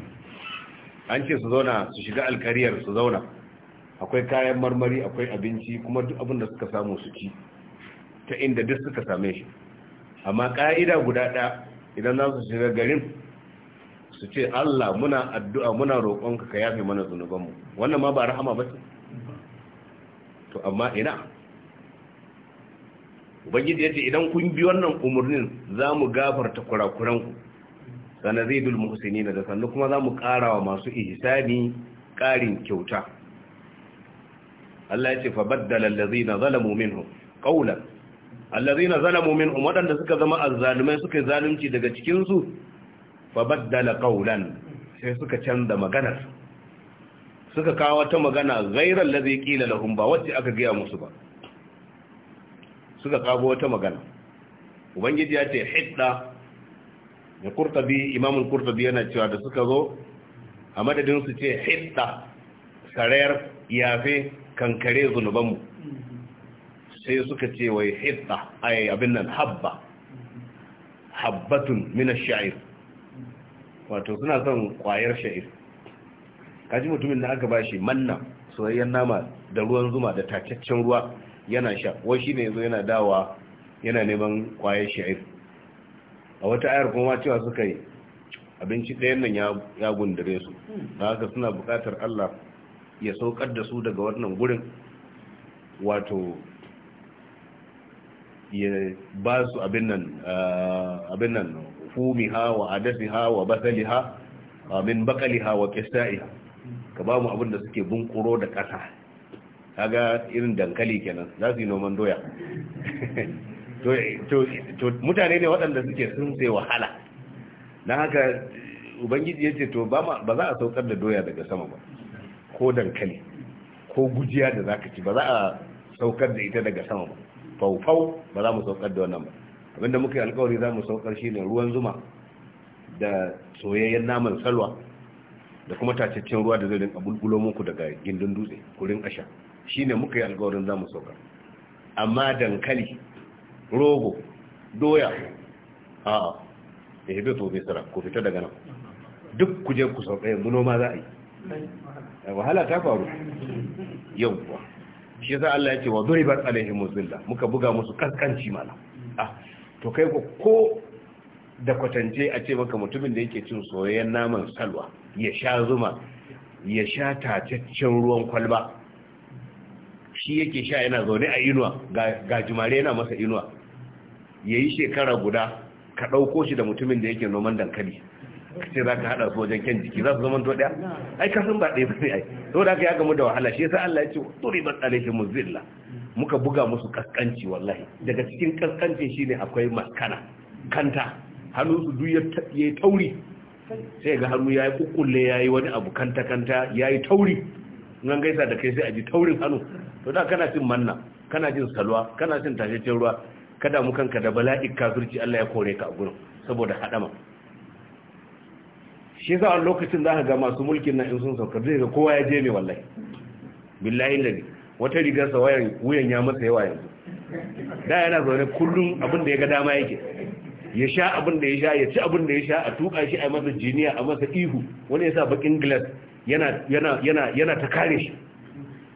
an ce su zauna su shiga alkariyar su zauna akwai kayan marmari akwai abinci kuma duk abin da suka samu su ci ta inda duk suka same shi amma ka'ida guda ɗaya idan za su shiga garin su ce Allah muna addu'a muna roƙonka ka yafe mana zunubanmu wannan ma ba rahama ba ce to amma ina ubangiji yace idan kun bi wannan umurnin mu gafarta kurakuranku dul muhsinin da sannu kuma za zamu karawa masu ihsani karin kyauta Allah yace fa baddala allazina zalamu minhum qawlan allazina zalamu minhum wadanda suka zama azzalumai suka zalunci daga cikin su fa baddala qawlan sai suka canza maganar suka kawo wata magana gairar lazai kila lahum ba wacce aka gaya musu ba suka kawo wata magana ubangiji ya ce hidda da kurtabi imamun kurtabi yana cewa da suka zo a madadin su ce hidda sarayar yafe kankare zunubanmu sai suka ce wai hidda ai abin nan habba habbatun mina sha'ir wato suna son kwayar sha'ir kaji mutumin da aka bashi manna soyayyen nama da ruwan zuma da tacaccen ruwa yana sha wai shine yazo yana dawa yana neman kwayar sha'ir a wata ayar kuma ma cewa suka yi abinci ɗayan nan ya gundare su da haka suna buƙatar Allah ya saukar da su daga wannan gurin wato ya ba su abin nan ah, fumi ha wa adasi ha wa basali ha min bakali ha wa kista'i ka ba mu abin da suke bunkuro da ƙasa kaga irin dankali kenan za su yi noman doya [laughs] to mutane ne waɗanda suke sun sai wahala don haka ubangiji ya ce to ba za a saukar da doya daga sama ba ko dankali ko gujiya da za ka ci ba za a saukar da ita daga sama ba faufau ba za mu saukar da wannan ba abinda muka yi alkawari za mu saukar shi ne ruwan zuma da soyayyen naman salwa da kuma tacaccen ruwa da zai rinka bulbulo muku daga gindin dutse ku rinka sha shine muka yi alƙawarin zamu sauka amma dankali rogo doya a ya hebe to bai sara ku fita daga nan duk ku je ku sauka yanzu noma za a yi wahala ta faru yawwa shi yasa Allah ya ce wa duribat alaihim muzilla muka buga musu kaskanci mala ah to kai ko da kwatance a ce maka mutumin da yake cin soyayyen naman salwa ya sha zuma ya sha tataccen ruwan kwalba shi yake sha yana zaune a inuwa ga jimare yana masa inuwa ya yi shekara guda ka ɗauko shi da mutumin da yake noman dankali sai za ka haɗa su wajen kyan jiki za su zama to ɗaya ai san ba ɗaya sai ai to da aka ya gamu da wahala shi yasa Allah ya ce turi ba tsare shi muzilla muka buga musu kaskanci wallahi daga cikin shi ne akwai maskana kanta Hannu su duk ya yi tauri sai ga hannu ya yi kukulle ya yi wani abu kanta-kanta ya yi tauri nan gaisa da kai sai a ji taurin hannu to da kana cin manna kana jin salwa kana cin tashe ruwa kada mu kanka da bala'i kafirci Allah ya kore ka a gurin saboda hadama shi yasa a lokacin zaka ga masu mulkin nan in sun sauka zai ga kowa ya je ne wallahi billahi ladi wata rigar sa wayan wuyan ya masa yawa yanzu da yana zaune kullum abin da ya ga dama yake ya sha abin da ya sha ya ci abin da ya sha a tuka shi a masa jiniya a masa ihu wani ya sa bakin glass yana ta kare shi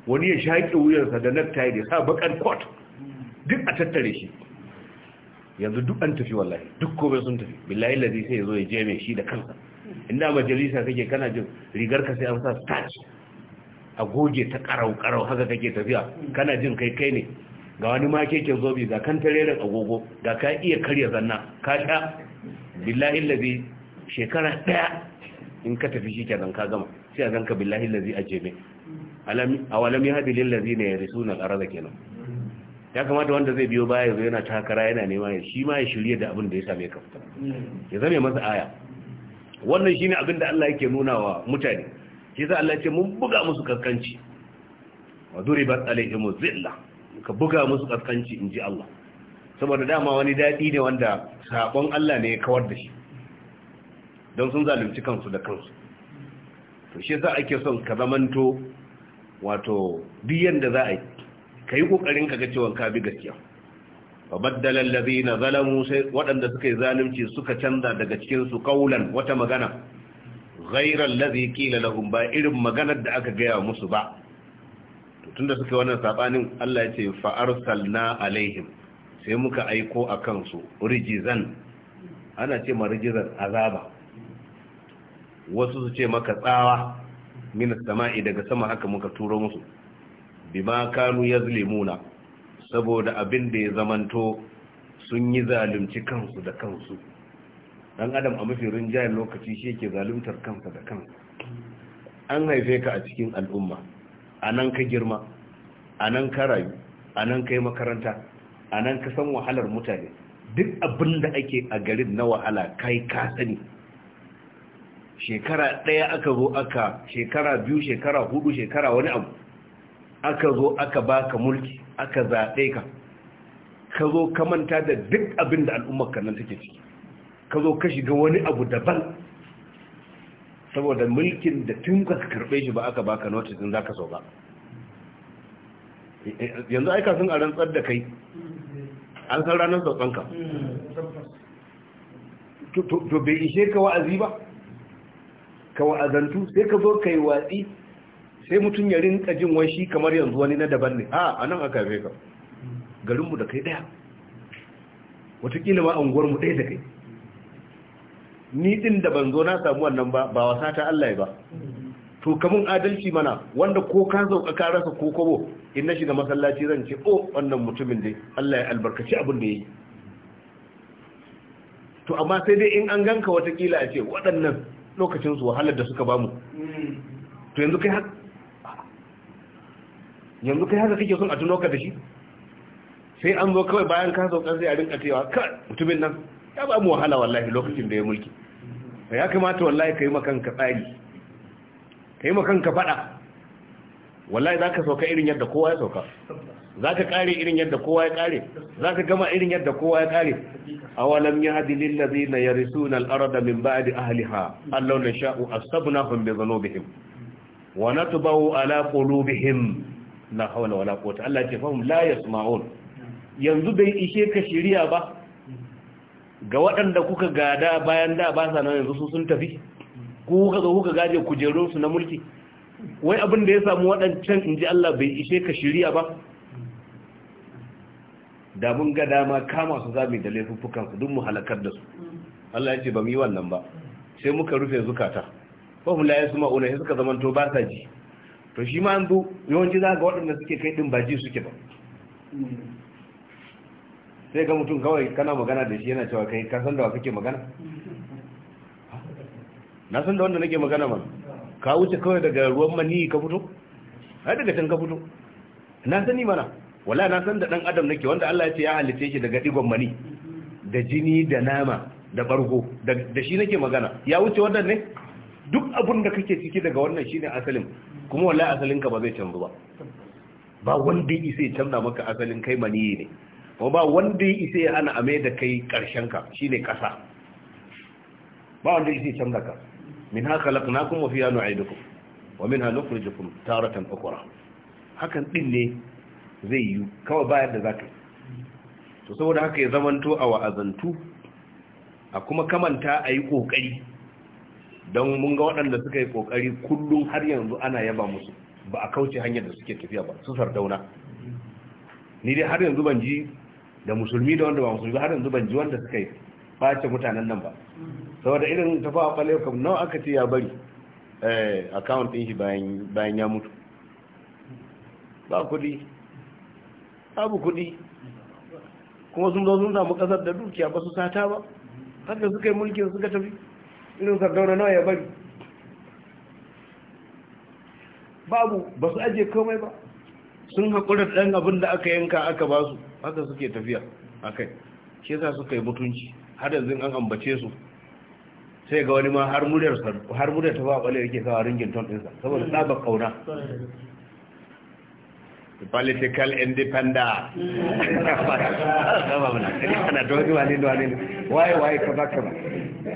wani ya shaƙi wuyarsa da necktie da sa bakan coat duk a tattare shi yanzu duk an tafi wallahi duk komai sun tafi billahi lazi sai ya zo ya je mai shi da kansa inda majalisa kake kana jin rigar ka sai an sa starch a goge ta karau karau haka kake tafiya kana jin kai kai ne ga wani ma keke zobi ga kan tare da agogo ga ka iya karya zanna ka sha billahi lazi shekara daya in ka tafi shi kenan ka gama sai a zanka billahi lazi a jebe a walami hadi lillazi ne ya risu na kenan ya kamata wanda zai biyo baya yanzu yana takara yana nema ya shi ma ya shirye da abin da ya same ka fita ya zame masa aya wannan shine abin da Allah yake nuna wa mutane shi yasa Allah ya ce mun buga musu kaskanci wa duribat alaihimu zillah ka buga musu kaskanci in ji Allah saboda dama wani daɗi ne wanda saƙon Allah ne ya kawar da shi don sun zalunci kansu da kansu to shi yasa ake son ka zamanto wato duk yanda za a yi ka yi kokarin ka ga cewa ka bi gaskiya fa baddala allazina zalamu sai waɗanda suka yi zalunci suka canza daga cikin su kaulan wata magana ghayra allazi kila lahum ba irin maganar da aka gaya musu ba tunda suka wannan sabanin Allah ya ce na alaihim sai muka aiko a kansu rijizan ana ce ma rijizan azaba wasu su ce maka tsawa minas sama'i daga sama haka muka turo musu bima kanu yazlimuna saboda abin da ya zamanto sun yi zalunci kansu da kansu dan adam a mafi rinjayen lokaci shi yake zaluntar kansa da kansa an haife ka a cikin al'umma a nan ka girma a nan ka rayu a nan ka yi makaranta a nan ka san wahalar mutane duk abin da ake a garin na wahala kai ka sani shekara ɗaya aka zo aka shekara biyu shekara hudu shekara wani abu aka zo aka baka mulki aka zaɓe ka ka zo ka manta da duk abin da al'ummar nan take ciki ka zo ka shiga wani abu daban saboda mulkin da tun ka karbe shi ba aka baka notice din zaka so ba yanzu aika sun a rantsar da kai an san ranar ka. to bai ishe ka wa'azi ba ka wa'azantu sai ka zo ka yi watsi sai mutum ya rinka jin wanshi kamar yanzu wani na daban ne ah, a nan aka haife ka garinmu da kai daya watakila ma unguwarmu ɗaya da kai ni din da ban zo na samu wannan ba ba wasa ta Allah ba to kamun adalci mana wanda ko ka zo ka rasa ko kobo in na shiga masallaci zan ce oh wannan mutumin dai Allah ya albarkaci abin da yayi to amma sai dai in an ganka watakila a ce waɗannan lokacin su wahalar da suka bamu to yanzu kai haka yanzu kai haka kake son a tuno ka da shi sai an zo kawai bayan ka kan sai a rinka cewa ka mutumin nan ya ba mu wahala wallahi lokacin da ya mulki ya kamata wallahi ka yi makanka tsari ka yi makanka faɗa wallahi za ka sauka irin yadda kowa ya sauka za ka kare irin yadda kowa ya kare za ka gama irin yadda kowa ya kare a walam ya hadi lillazi na ya risu na al'arada min ba ba'adi ahliha allau na sha'u asabna hun bi zanubihim wa natba'u ala na la hawla wala quwwata Allah ya ce fahim la ya yasma'un yanzu bai ishe ka shiriya ba ga waɗanda kuka gada bayan da ba sa nan yanzu su sun tafi ku kuka zo kuka gaje kujerunsu na mulki wai abin da ya samu waɗancan in ji Allah bai ishe ka shirya ba da mun ga dama kama su zami da su duk mu halakar da su Allah ya ce ba mu yi wannan ba sai muka rufe zukata ba mu la yasma una sai suka zamanto ba sa ji to shi ma an zo yawanci za ga waɗanda suke kai din ba ji suke ba sai ga mutum kawai kana magana da shi yana cewa kai ka san da wa kake magana na san da wanda nake magana ba ka wuce kawai daga ruwan mani ka fito ai daga can ka fito na sani mana wallahi na san da dan adam nake wanda Allah ya ce ya halice shi daga digon mani da jini da nama da bargo da shi nake magana ya wuce wannan ne duk abun da kake ciki daga wannan shine asalin kuma wallahi asalin ka ba zai canzu ba ba wanda isa sai canza maka asalin kai mani ne ko ba wanda ya isa ya hana a mai da kai karshen ka shine kasa ba wanda ya isa canza ka min haka laknakum wa fiya nu'idukum wa minha jikun taratan ukhra hakan din ne zai yi kawai bayar da za ka yi to saboda haka ya zamanto a wa'azantu a kuma kamanta a yi kokari don mun ga waɗanda suka yi kokari kullum har yanzu ana yaba musu ba a kauce hanyar da suke tafiya ba su sardauna ni dai har yanzu ban ji da musulmi da wanda ba musulmi har yanzu ban ji wanda suka yi face mutanen nan ba saboda irin tafawa kwale kam nawa aka ce ya bari eh, account din shi bayan ya mutu ba kudi abu kudi kuma sun zo sun samu kasar da dukiya ba su sata ba da suka yi mulkin suka tafi irin sardauna nawa ya bari babu ba su ajiye komai ba sun haƙura ɗan abin da aka yanka aka ba su haka suke tafiya a kai shi za su yi mutunci har yanzu an ambace su sai ga wani ma har muryar har muryar ta ba bale yake kawo ringin ton ɗinsa saboda tsabar kauna political independence wani waye waye ka ba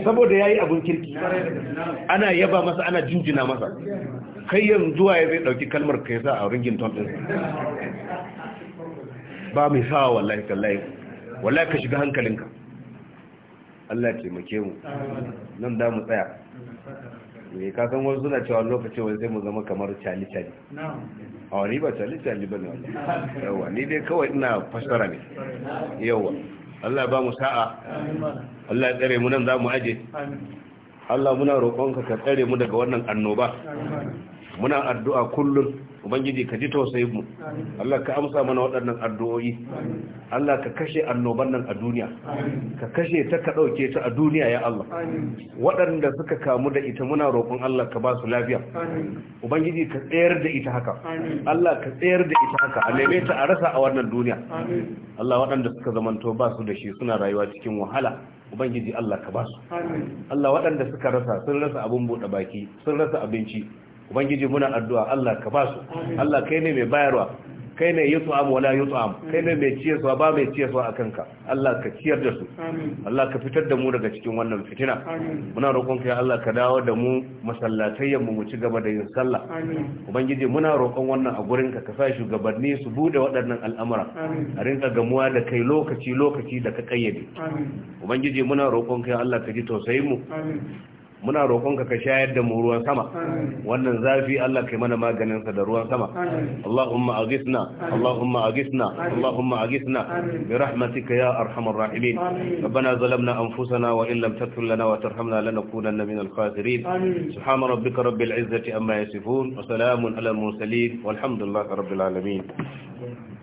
saboda yayi abun kirki ana yaba masa ana jinjina masa kai yanzu waye zai dauki kalmar kai za a ringin ton ɗinsa ba mai sawa wallahi tallahi wallahi ka shiga hankalinka Allah ke muke mu nan da mu tsaya mai eh, ka wasu suna cewa lokaci wani sai mu zama kamar cali cali a wani ba cali cali ba ne yawa ni dai kawai ina fassara ne yawa Allah ba mu sa'a Allah ya tsare mu nan za mu aje Allah muna roƙonka ka tsare mu daga wannan annoba muna addu'a kullum ubangiji ka ji tausayin mu Allah ka amsa mana waɗannan addu'o'i Allah ka kashe annoban nan a duniya ka kashe ta ka ɗauke ta a duniya ya Allah waɗanda suka kamu da ita muna roƙon Allah ka ba su lafiya ubangiji ka tsayar da ita haka Allah ka tsayar da ita haka a neme ta a rasa a wannan duniya Allah waɗanda suka zamanto ba su da shi suna rayuwa cikin wahala ubangiji Allah ka ba su Allah waɗanda suka rasa sun rasa abin buɗe baki sun rasa abinci ubangiji muna addu'a Allah ka ba su Allah kai ne mai bayarwa kai ne yi tsu'am wala yi tsu'am kai ne mai ciyarwa ba mai ciyarwa a kanka Allah ka ciyar da su Allah ka fitar da mu daga cikin wannan fitina muna roƙon kai Allah ka dawo da mu masallatayyan mu mu ci gaba da yin sallah ubangiji muna roƙon wannan a gurin ka ka sa shugabanni su bude waɗannan al'amura a rinka gamuwa da kai lokaci lokaci da ka kayyade ubangiji muna roƙon kai Allah ka ji tausayin mu muna roƙonka ka shayar da mu ruwan sama wannan zafi Allah kai mana maganin sa da ruwan sama Allahumma aghithna Allahumma aghithna Allahumma aghithna bi rahmatika ya arhamar rahimin rabbana zalamna anfusana wa illam taghfir lana wa tarhamna lanakunanna minal khasirin subhana rabbika rabbil izzati amma yasifun wa salamun alal mursalin walhamdulillahi rabbil alamin